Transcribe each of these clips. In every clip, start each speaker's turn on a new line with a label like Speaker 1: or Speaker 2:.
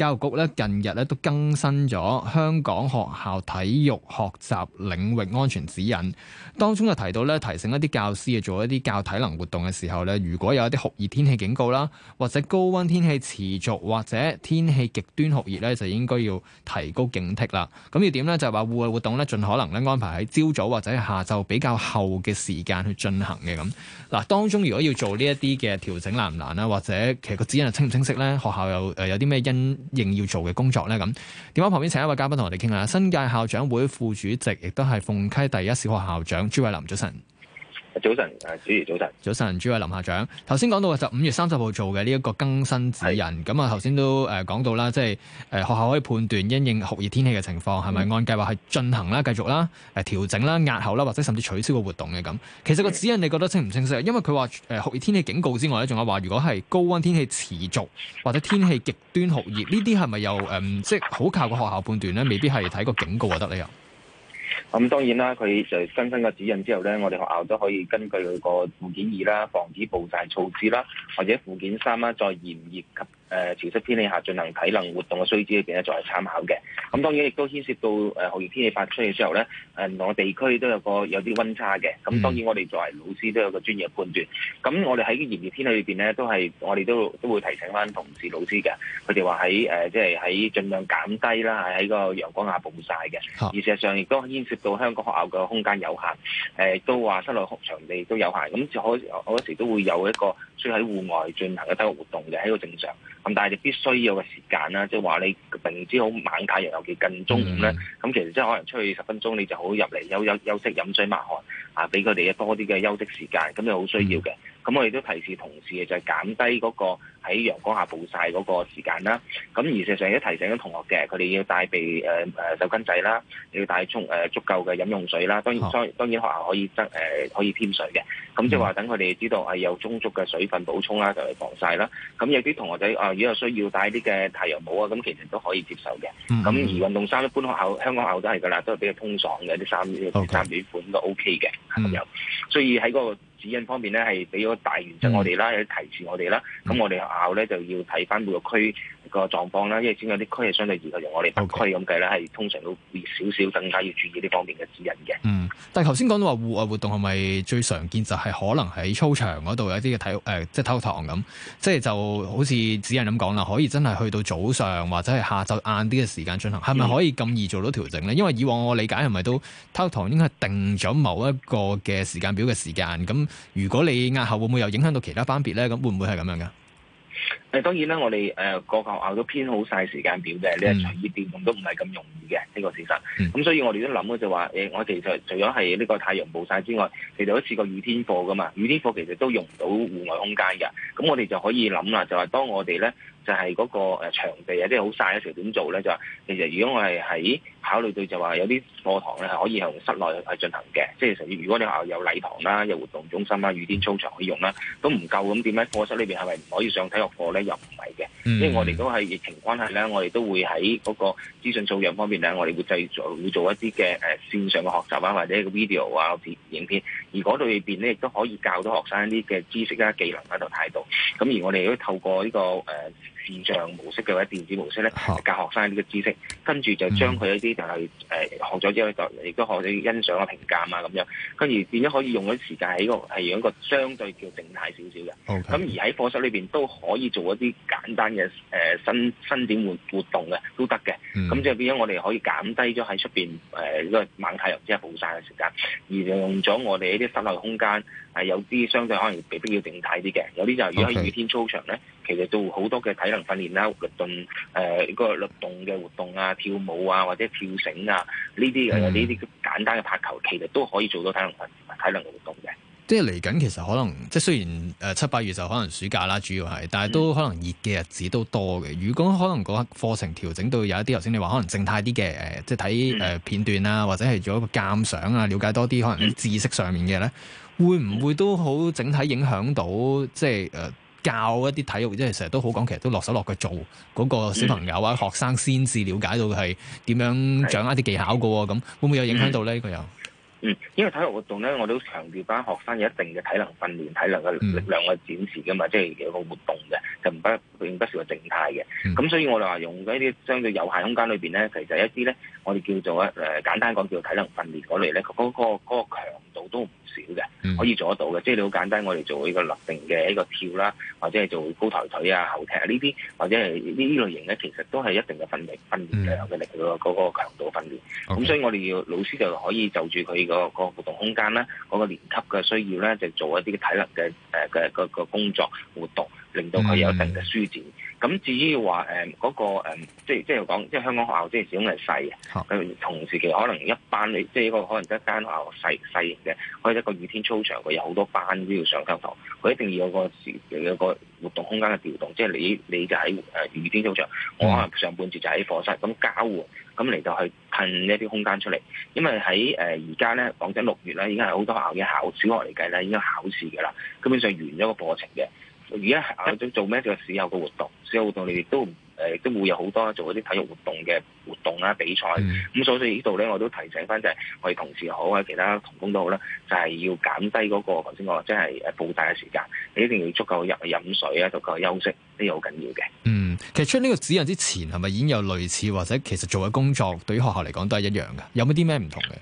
Speaker 1: 教育局咧近日咧都更新咗香港學校體育學習領域安全指引，當中就提到咧，提醒一啲教師啊做一啲教體能活動嘅時候咧，如果有一啲酷熱天氣警告啦，或者高溫天氣持續或者天氣極端酷熱咧，就應該要提高警惕啦。咁要點咧就話戶外活動咧盡可能咧安排喺朝早或者下晝比較後嘅時間去進行嘅咁。嗱，當中如果要做呢一啲嘅調整難唔難啦，或者其實個指引係清唔清晰咧？學校又誒，有啲咩因？仍要做嘅工作咧，咁，電話旁邊請一位嘉賓同我哋傾下。新界校長會副主席，亦都係鳳溪第一小學校長朱偉林，早晨。
Speaker 2: 早晨，誒主持早
Speaker 1: 晨，早晨，朱偉林校長。頭先講到嘅就五月三十號做嘅呢一個更新指引，咁啊頭先都誒講到啦，即係誒學校可以判斷因應酷熱天氣嘅情況係咪按計劃去進行啦、繼續啦、誒調整啦、押後啦，或者甚至取消個活動嘅咁。其實個指引你覺得清唔清晰？因為佢話誒酷熱天氣警告之外咧，仲有話如果係高溫天氣持續或者天氣極端酷熱，呢啲係咪又誒即係好靠個學校判斷咧？未必係睇個警告就得咧
Speaker 2: 咁、嗯、當然啦，佢就新生個指引之後咧，我哋學校都可以根據佢個附件二啦，防止暴曬措施啦，或者附件三啦、啊，再嚴嚴及。誒潮濕天氣下進行體能活動嘅需知裏邊咧，作為參考嘅。咁當然亦都牽涉到誒酷熱天氣發出嘅時候咧，誒、呃、我地區都有個有啲溫差嘅。咁當然我哋作為老師都有個專業判斷。咁我哋喺炎熱天氣裏邊咧，都係我哋都都會提醒翻同事老師嘅。佢哋話喺誒即係喺盡量減低啦，喺個陽光下暴晒嘅。而事實上亦都牽涉到香港學校嘅空間有限，誒、呃、都話室內場地都有限。咁只可嗰時，時都會有一個需要喺戶外進行嘅體育活動嘅，喺一個正常。咁但係你必須要有個時間啦，即係話你明知好猛太陽，尤其近中午咧，咁其實即係可能出去十分鐘，你就好入嚟休休休息，飲水、抹汗啊，俾佢哋多啲嘅休息時間，咁就好需要嘅。嗯咁我哋都提示同事就係、是、減低嗰個喺陽光下暴曬嗰個時間啦。咁而事實上亦都提醒咗同學嘅，佢哋要帶備誒誒手巾仔啦，要帶足誒、呃、足夠嘅飲用水啦。當然、哦、當然學校可以增、呃、可以添水嘅。咁即係話等佢哋知道係、嗯啊、有充足嘅水分補充啦，就係、是、防曬啦。咁有啲同學仔啊，如果有需要帶啲嘅太陽帽啊，咁其實都可以接受嘅。咁、嗯、而運動衫一般學校香港學校都係噶啦，都係比較通爽嘅啲衫，啲衫款都 OK 嘅咁樣。所以喺嗰、那個指引方面咧，係俾咗大原則我哋啦，有啲提示我哋啦，咁我哋學校咧就要睇翻每個區。個狀況啦，因為先有啲區係相對熱嘅，用我哋北區咁計咧，係通常都會熱少少，更加要注意呢方面嘅指引
Speaker 1: 嘅。嗯，但係頭先講到話戶外活動係咪最常見就係可能喺操場嗰度有啲嘅體誒、呃，即係體育堂咁，即係就好似指引咁講啦，可以真係去到早上或者係下晝晏啲嘅時間進行，係、嗯、咪可以咁易做到調整咧？因為以往我理解係咪都體育堂應該定咗某一個嘅時間表嘅時間，咁如果你押後會唔會有影響到其他班別咧？咁會唔會係咁樣噶？
Speaker 2: 誒當然啦，我哋誒各個學校都編好晒時間表嘅，呢、嗯、一隨意調換都唔係咁容易嘅，呢個事實。咁、嗯、所以我哋都諗嘅就話，我哋就除咗係呢個太陽暴晒之外，其實好似個雨天課噶嘛。雨天課其實都用唔到戶外空間嘅，咁我哋就可以諗啦，就話當我哋咧就係嗰個場地有啲好晒嘅時候點做咧？就話其實如果我係喺考慮到就話有啲課堂咧係可以用室內去進行嘅，即、就、係、是、如果你學校有禮堂啦、有活動中心啦、雨天操場可以用啦，都唔夠咁點解課室呢邊係咪唔可以上體育課咧？又唔係嘅，因為我哋都係疫情關係咧，我哋都會喺嗰個資訊素養方面咧，我哋會製作會做一啲嘅誒線上嘅學習啊，或者一個 video 啊、片影片，而嗰裏邊咧亦都可以教到學生一啲嘅知識啊、技能同態度。咁、嗯、而我哋都透過呢、呢個誒線上模式嘅或者電子模式咧，教學生呢個知識，跟住就將佢一啲就係誒學咗之後就亦都學咗欣賞啊、評價啊咁樣，跟住變咗可以用嗰啲時間喺個係一個相對叫靜態少少嘅。咁、okay。而喺課室裏邊都可以做。嗰啲簡單嘅誒、呃、新新點活活動嘅都得嘅，咁、嗯、即係變咗我哋可以減低咗喺出邊誒呢猛太陽即係暴曬嘅時間，而用咗我哋啲室內空間係、呃、有啲相對可能未必要靜態啲嘅，有啲就如果喺雨天操場咧，其實做好多嘅體能訓練啦、活動誒呢律動嘅活動啊、跳舞啊或者跳繩啊呢啲誒呢啲簡單嘅拍球，其實都可以做到體能訓練體能活動嘅。
Speaker 1: 即係嚟緊，其實可能即係雖然誒七八月就可能暑假啦，主要係，但係都可能熱嘅日子都多嘅。如果可能嗰個課程調整到有一啲，頭先你話可能靜態啲嘅誒，即係睇誒片段啊，或者係做一個鑒賞啊，了解多啲可能啲知識上面嘅咧，會唔會都好整體影響到即係誒、呃、教一啲體育，即係成日都好講，其實都落手落腳做嗰個小朋友啊、嗯、學生先至了解到係點樣掌握啲技巧嘅喎，咁、嗯嗯、會唔會有影響到咧？佢又？嗯
Speaker 2: 嗯，因為體育活動咧，我哋都強調翻學生有一定嘅體能訓練、體能嘅力量嘅展示㗎嘛，即、嗯、係、就是、有個活動嘅，就唔不並不是個靜態嘅。咁、嗯、所以我哋話用一啲相對有限空間裏面咧，其實一啲咧，我哋叫做一誒、呃、簡單講叫做體能訓練嗰類咧，嗰、那個嗰、那個那個強。嗯、可以做得到嘅，即、就、係、是、你好簡單，我哋做呢個立定嘅一個跳啦，或者係做高抬腿啊、後踢呢、啊、啲，或者係呢類型咧，其實都係一定嘅訓練、嗯、訓練量嘅力咯，嗰、那個強度訓練。咁、Okay. 所以我哋要老師就可以就住佢、那個、那個活動空間啦，嗰、那個年級嘅需要咧，就做一啲體能嘅誒嘅個工作活動。令到佢有一定嘅舒展。咁、嗯、至於話誒嗰個、嗯、即係即係講即係香港學校即係始終係細嘅。咁、啊、同時期可能一班你，即係一個可能一間學校細型嘅，可以一個雨天操場佢有好多班都要上教堂，佢一定要有個時有個活動空間嘅調動即係你你就喺誒、呃、雨天操場，我、啊、可能上半節就喺課室。咁交換咁嚟到去近一啲空間出嚟。因為喺誒而家咧，講、呃、緊六月咧，已經係好多學校嘅考小學我嚟計咧，已經考試㗎啦。基本上完咗個課程嘅。而家係我做做咩嘅？市有個活動，市有活動，你哋都誒都會有好多做嗰啲體育活動嘅活動啦、比賽咁、嗯。所以呢度咧，我都提醒翻就係我哋同事好啊，其他同工都好啦，就係、是、要減低嗰、那個頭先講，即係誒暴曬嘅時間，你一定要足夠入去飲水啊，足夠休息，呢個好緊要嘅。
Speaker 1: 嗯，其實出呢個指引之前係咪已經有類似或者其實做嘅工作對於學校嚟講都係一樣㗎？有冇啲咩唔同嘅？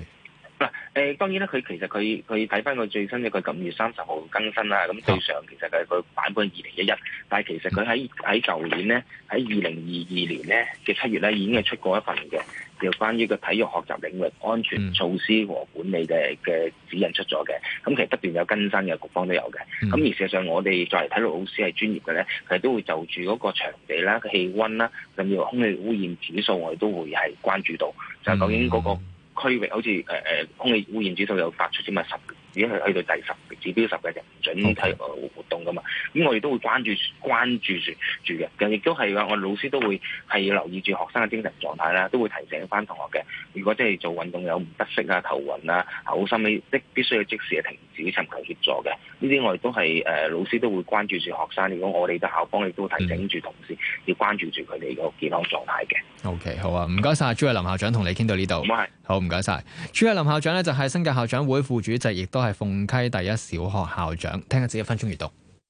Speaker 2: 誒當然啦，佢其實佢佢睇翻個最新嘅，佢九月三十號更新啦，咁最上其實係佢版本二零一一，但係其實佢喺喺舊年咧，喺二零二二年咧嘅七月咧已經係出過一份嘅，又、就係、關於個體育學習領域安全措施和管理嘅嘅、嗯、指引出咗嘅。咁其實不斷有更新嘅，局方都有嘅。咁、嗯、而事實上，我哋作為體育老師係專業嘅咧，佢都會就住嗰個場地啦、氣温啦，甚至空氣污染指數，我哋都會係關注到。就、嗯、究竟嗰、嗰個。區域好似誒誒空氣污染指數有八出之嘛十，已經係去到第十指標，十嘅啫。體育活動噶嘛，咁我哋都會關注關注住住嘅，亦都係我我老師都會係要留意住學生嘅精神狀態啦，都會提醒翻同學嘅。如果即係做運動有不適啊、頭暈啊、口心呢，即必須要即時係停止尋求協助嘅。呢啲我哋都係誒、呃、老師都會關注住學生。如果我哋嘅校方亦都提醒住同事、嗯、要關注住佢哋個健康狀
Speaker 1: 態嘅。O、okay, K 好啊，唔該晒朱偉林校長同你傾到呢度，唔係，好唔該晒朱偉林校長呢，就係新界校長會副主席，亦都係鳳溪第一小學校長。聽下自己一分鐘閱讀。